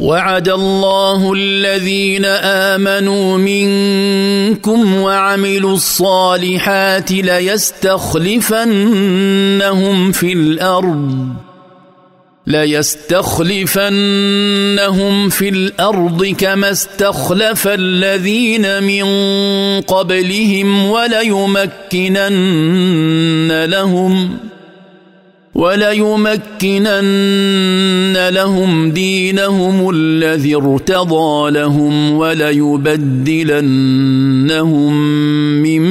وعد الله الذين امنوا منكم وعملوا الصالحات ليستخلفنهم في الارض ليستخلفنهم في الارض كما استخلف الذين من قبلهم وليمكنن لهم وليمكنن لهم دينهم الذي ارتضى لهم وليبدلنهم من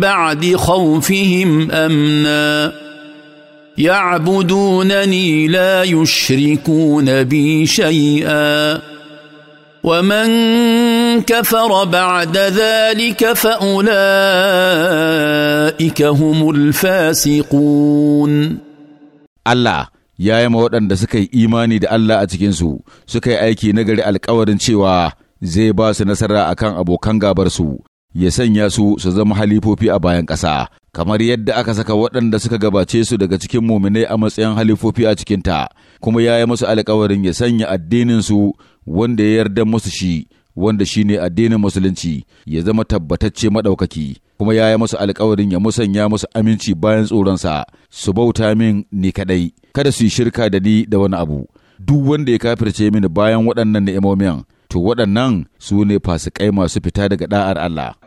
بعد خوفهم امنا يعبدونني لا يشركون بي شيئا ومن كفر بعد ذلك فاولئك هم الفاسقون Allah ya yi waɗanda suka yi imani da Allah a cikinsu suka yi aiki nagari alkawarin cewa zai ba su nasara kan abokan gabarsu ya sanya su su zama halifofi a bayan ƙasa kamar yadda aka saka waɗanda suka gabace su daga cikin muminai a matsayin halifofi a cikinta kuma ya yi musu alkawarin ya sanya addininsu wanda ya yarda musu shi wanda shi ne addinin musulunci ya zama tabbatacce maɗaukaki kuma ya yi masu alkawarin ya musanya musu aminci bayan tsoronsa su bauta min ni kaɗai kada su yi shirka da ni da wani abu duk wanda ya kafirce mini bayan waɗannan ni'imomin to waɗannan su ne fasikai masu fita daga da'ar Allah